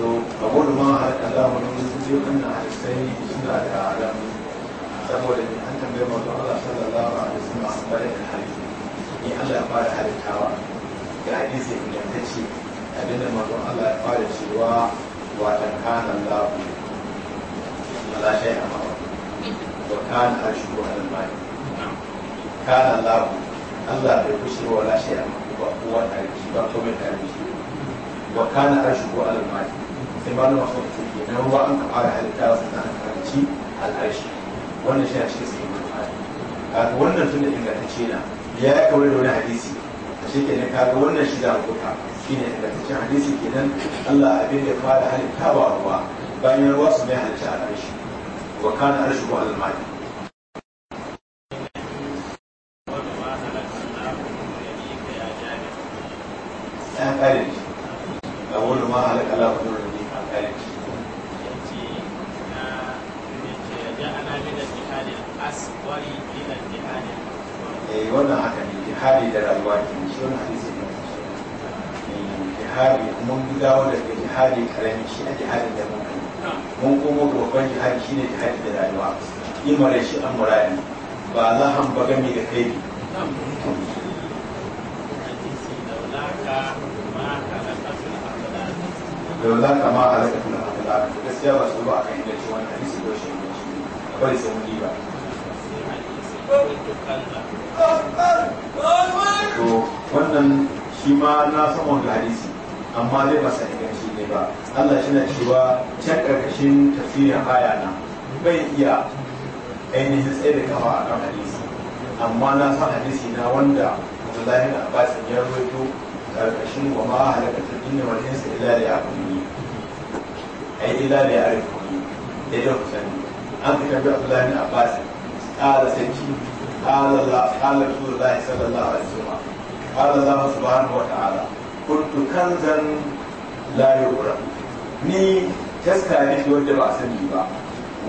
to a gudu ma a alamun sun wannan hadisai suna da alamu saboda an tambaye mazu Allah sallallahu alaihi wasallam a bayan hadisi ni Allah ya fara halittawa ga hadisi ingantacce abinda mazu Allah ya fara cewa wa dan kana Allah la shay amma wa kana ala al-mai kana Allah Allah bai kushe wa shi shay amma ba kowa tarihi ba yi tarihi ba kana arshu ala al-mai sai ba na masu mutum ke nan ruwa an ka da halitta su na karanci al'arshi wannan shi a cikin sai mun fara kaga wannan tun da ingantacce na ya yi kawai da wani hadisi a shi kenan kaga wannan shi za mu kuka shi ne ingantaccen hadisi kenan Allah abin da fara halitta ba ruwa bayan ruwa su mai halitta al'arshi wa kana arshu ko mali mun kuma babban ne ta haƙi da rayuwa yi mara shi an murari ba za a hamba gami da kai laula kama da akhlaq gaskiya ba su ba a kan shi wani hadisi ko shi ne bari sai mun diba to wannan shi ma na samu hadisi amma zai masa sa inganci ne ba Allah shi na cewa can karkashin tafsirin aya na bai iya ainihin tsaye da kafa a kan hadisi amma na san hadisi na wanda Abdullahi bin Abbas ya rawaito karkashin wa ma halakatul jinni wal insi illa li yaqulu ai illa li ya'rifu da yau sani an ka tabi Abdullahi bin Abbas qala sanki qala Allah qala Rasulullahi sallallahu alaihi wasallam qala Allah subhanahu wa ta'ala kuntu kanzan la yura ni taska ne wanda ba a sani ba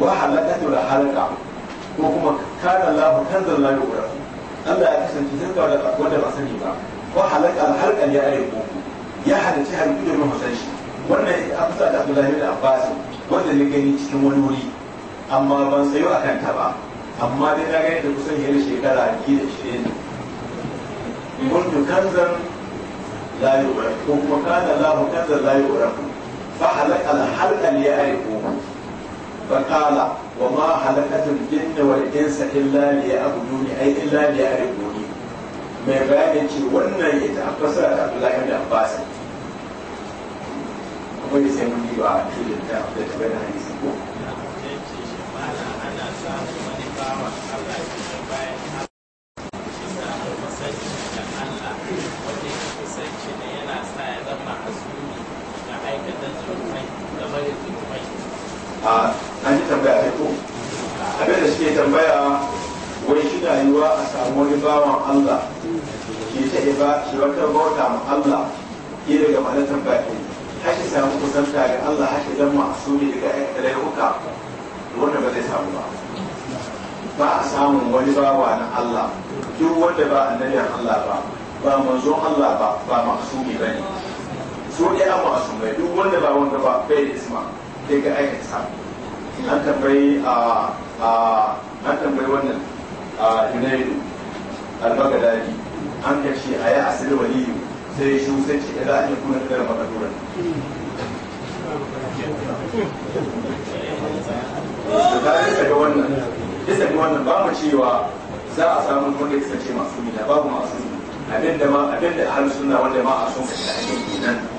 wa halakatu da halaka ko kuma kana Allah kanzan la yura Allah ya kasance taska wanda ba a sani ba wa halaka al halqa ya ayi ko ya halitta harbi da mahasan shi wannan abu da Abdullahi bin Abbas wanda ne gani cikin wani wuri amma ban sayo a ta ba amma dai na gani da kusan yin shekara biyu da ishirin kuntu kanzan la yu'raf ko kuma kana Allahu kaza la yu'raf fa halaka al-halqa li ya'rifu fa qala wa ma halakatul jinni wal insa illa li ya'buduni ay illa li ya'rifuni mai bayani ce wannan ita a fasara da Abdullahi sai mun yi ba a cikin da a an ji tambaya kai ko abin da suke tambaya wai shi na yiwa a samu wani bawan Allah ke ta iba shi wata bauta ma Allah ke daga mana tambaya kai har shi samu kusanta ga Allah har shi zama su ne daga laifuka wanda ba zai samu ba ba a samun wani bawa na Allah duk wanda ba annabiyar Allah ba ba manzon Allah ba ba maksumi ne su ɗaya masumai duk wanda ba wanda ba bai da isma sai ga aikata sa an tambayi a an tambayi wannan a junaidu albagadari an ka ce a yi asiri waliyu sai shi sai ce idan an yi kuma da makaturan da ga wannan bisa ga wannan ba mu cewa za a samu wanda ya kasance masu mina babu masu abinda ma abinda har suna wanda ma a sun kashe a cikin nan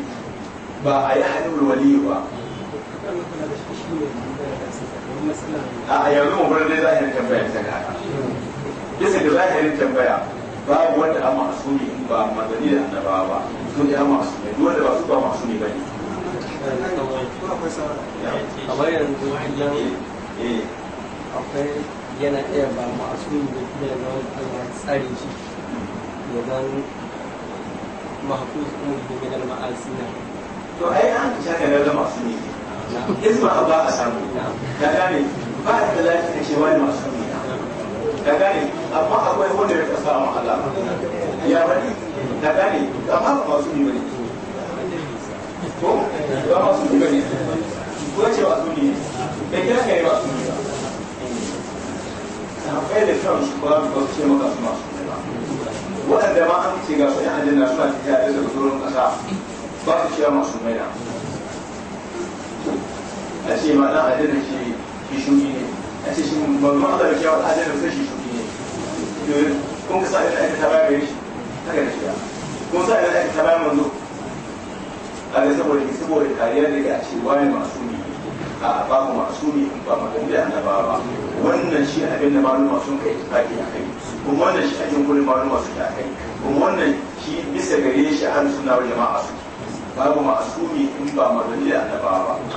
ba a yi halin ba a yanzu mu da zahirin tambaya ta kaka bisa da zahirin tambaya babu wanda an masumi in ba manzanni da annabawa ba sun yi an masumi duk wanda ba su ba masumi ba ne kamar yanzu idan eh, akwai yana iya ba masumi da kuma yana wani tsari shi da zan mahafuz umar da gidan ma'asina to ai an ci haka na zama su ne hizma ba a samu ka gane ba a da lafiya cewa ne masu ne ka gane amma akwai wanda ya kasa wa Allah ya bari ka gane amma ba su ne bane ko ba masu ne bane ko ce ba su ne bai kira kai ba su ne ba akwai da kyau shi ba ba su ce maka su masu ne ba waɗanda ma an ce ga su ne a jinna suna tafiya da zuwa ƙasa ba su cewa masu maina a ce ma dan adana shi shi shuni ne a ce shi ma mamman da a adana sai shi shuni ne kun kasa da aka taba gare shi haka da shiya kun sa da aka taba manzo a ga saboda ki saboda kariya da ga ce wani masu ne a ba ku masu ne ba magana da annabawa ba wannan shi abin da maluma sun kai taki a kai kuma wannan shi ajin kullum maluma sun kai kuma wannan shi bisa gare shi a an suna jama'a su babu ma'asumi in ba magani da annabawa ba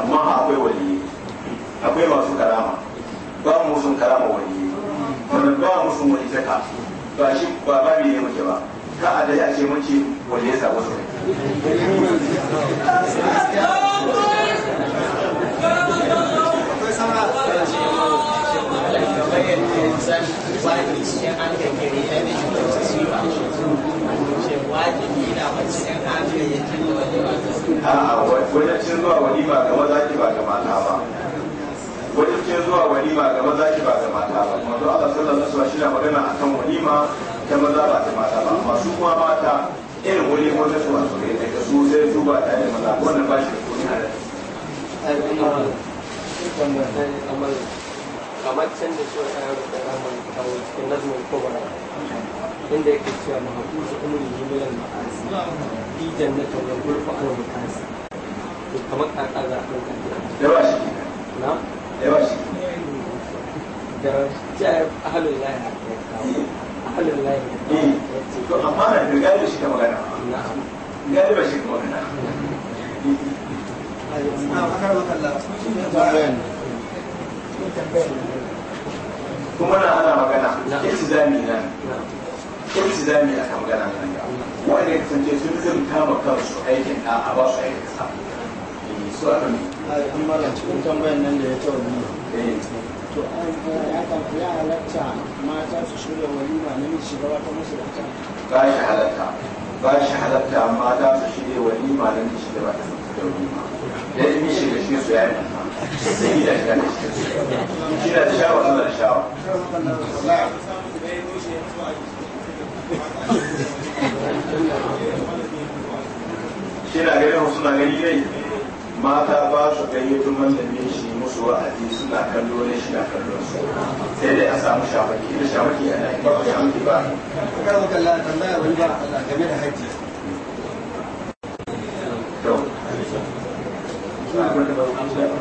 amma akwai waliyi akwai masu karama ba mu sun karama waliyi sannan ba mu sun wani taka ba shi ba ba ne muke ba ka a dai a ce muke waliyi sa wasu Thank you. a'a wajen cin zuwa walima ga maza ki ba ga mata ba wajen cin zuwa walima ga maza ki ba ga mata ba manzo Allah sallallahu alaihi wasallam shi na magana akan walima ta maza ba ta mata ba masu kuma mata irin wani wanda su masu kai daga su sai su ba ta da maza wannan ba shi da kuni a kamar can da shi wata yaro da ramar kawo cikin nazmin kobara inda yake cewa mahabusu kuma ne jimilan ma'asi fi jannatin da gurfa al mutasi to kamar kaka za a ɗauka yawa shi na yawa shi da jayar ahalun lahi a kai kawo ahalun lahi ya ce eh, to amma na da gari shi ta magana gari ba shi ta magana kuma na ana magana ya ci zami na ilzami aka magana kan ga ya kasance sun zanta ma kansu aikin da a ba su aikin sa eh, su kan yi an cikin tambayan nan da ya tawo ne eh. to an ya kan ya halatta mata su shirya ba na miji shiga wata musu da ta ba shi halatta ba shi halatta mata su shirya ba na miji shiga wata musu da walima da ya mi shiga shi su ya yi sai da shi da shi da shi da shi da shi da shi da shi shi na ganin suna gani ne mata ba su gayyato mallamin shi musu wa'azi suna kallo ne shi na kallon su sai dai a samu shafaki da shafaki a yi ba a shafaki ba a kan wakar la tambaya wani ba Allah game da hajji to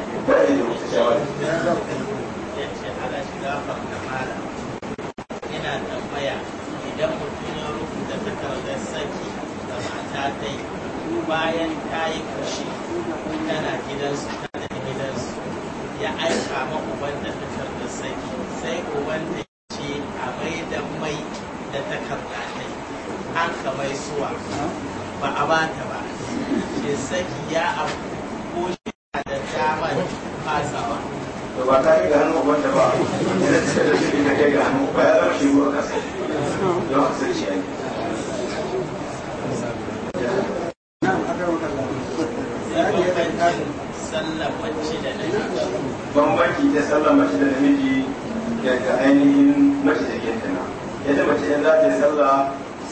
ya aika ma uban da takardar sai sai uban da ce a mai da mai da takarda dai an ka mai suwa ba a bata ba ke saki ya abu bambanci ta sallar mace da namiji daga ainihin mace da jikinta tana yadda mace in za ta sallah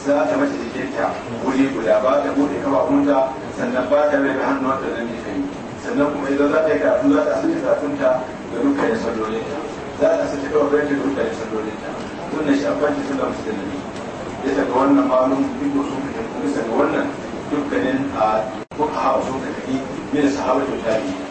za ta mace ta wuri guda ba ta bude kawa kunta sannan ba ta rage hannuwanta da namiji kai sannan kuma idan za ta yi karatu za ta asirce karatunta da rukka da ta za ta asirce kafafunta da rukka da ta wannan shi abinci sallar mace da namiji ya ga wannan malum duk sun fita bisa ga wannan dukkanin a kuka hawa sun fita ne da sahabar ta tabi'i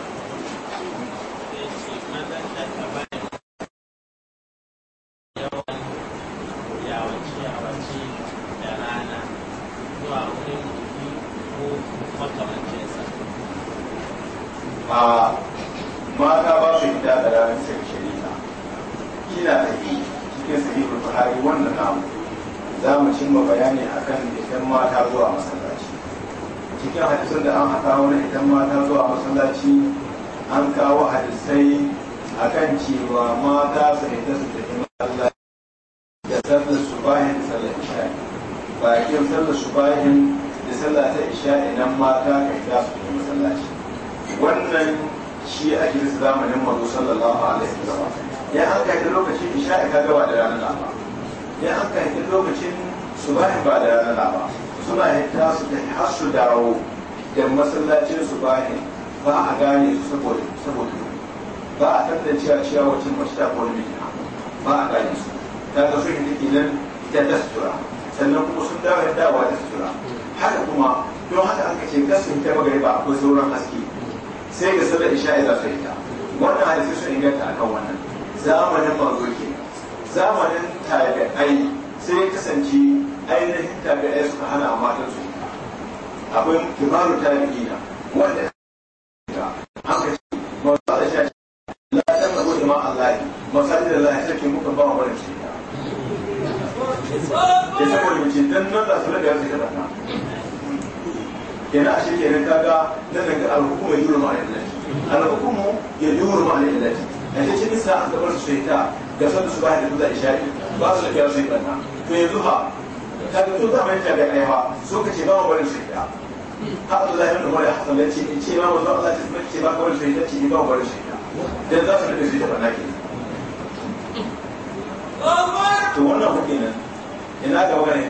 kawo hadisai a kan cewa mata su ita su tafi Allah da sallar su bayan sallar isha'i bakin sallar su bayan da sallar ta isha'i nan mata ka ta su tafi masallaci wannan shi a gidan zamanin mazo sallallahu alaihi zama. ya an yi lokacin isha'i ka gaba da ranar lafa ya an yi lokacin su bayan ba da ranar lafa suna hita su tafi har dawo da masallacin bayan ba a gane saboda saboda ba a tantancewa cewa wacce mace ta kawai mijina ba a gane su ta ga sun yi idan ita ta sutura sannan kuma sun dawo da dawa ta sutura haka kuma don haka an kace kasin ta magari ba akwai sauran haske sai ga sallar isha ya zafi ta. wannan hadisi sun inganta kan wannan zamanin manzo ke zamanin ai sai ya kasance ainihin ai suka hana matan su akwai kibaru tabi'ina wanda kenan kaga nan ga al'hukumar yi ma al-illati al ma cikin gabar su ta ga su da ishari ba su da yi banna to yanzu ta ga ta so ba shaida ha ya in ce ma ce ba shaida ce ba shaida dan za su da banna ke to wannan ina ga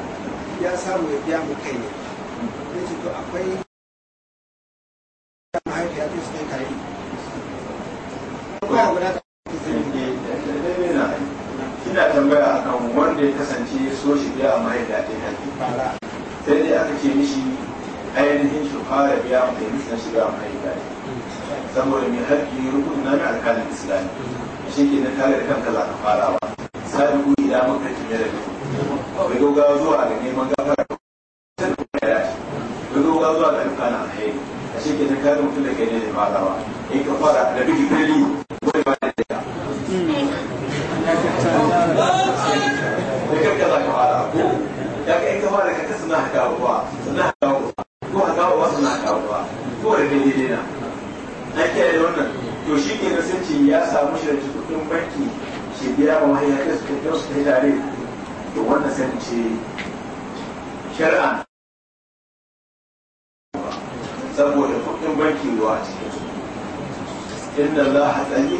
ya samu ya biya mu kai ne ya ce to akwai mahaifiya ta su kai kare ko ya guda ina tambaya akan wanda ya kasance so shi biya a mahaifiya ta yi sai dai aka ce mishi ainihin shi fara biya mai na shiga mahaifiya saboda mai harki rukun na mai alkalin islami shi ke na kare da kanka za ka farawa sai ku ila maka kime da duk bai gaugawa zuwa ga neman gafara san da ya dace bai gaugawa zuwa ga ayyuka na alheri a shi ke ta kare mutum da kai ne da magawa in ka fara da biki kali wani ba da ya da karka za ka fara ko ya ka in ka fara ka kasa na haka ruwa sannan haka ruwa ko haka ruwa suna haka ruwa ko da daidai na Na kiyaye da wannan to shi ke na ya samu shi da cikin banki shi biya ma mahaifiyar su kyakkyawar su ta yi tare da wannan sani ce shari'a saboda kudin banki ruwa a cikin inda za a tsaye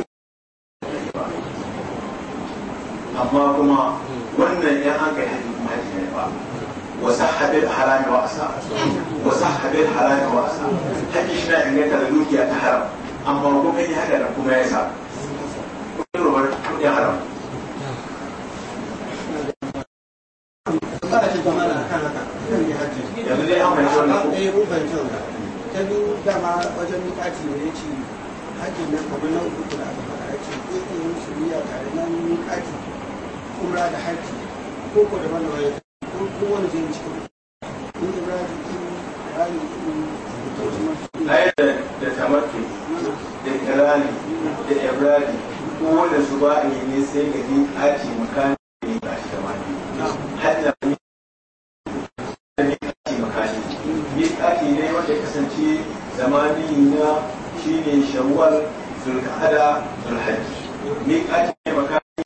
amma kuma wannan yan an kai hadin kuma hadin ne ba wasu haɗin harami wa asa wasu haɗin harami wa asa haƙi shi na inganta da dukiya ta haram amma kuma yi haɗa da kuma ya sa sai ka ji aci makani ne ba shi ne ne aci makani ne aci ne wanda kasance zamani na shine shawwal zulkada zulhajji ne aci ne makani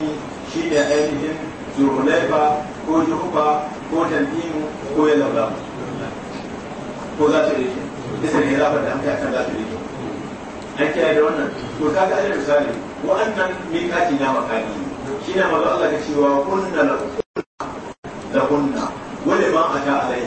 shine ainihin zurhulaifa ko juhufa ko tantimu ko yalaba ko za ta rike isa ne ya da hankali akan za ta rike an kiyaye da wannan ajiyar misali wa'annan miƙati na makani shi na maza Allah ka cewa kunna la kunna wani ma a ta alai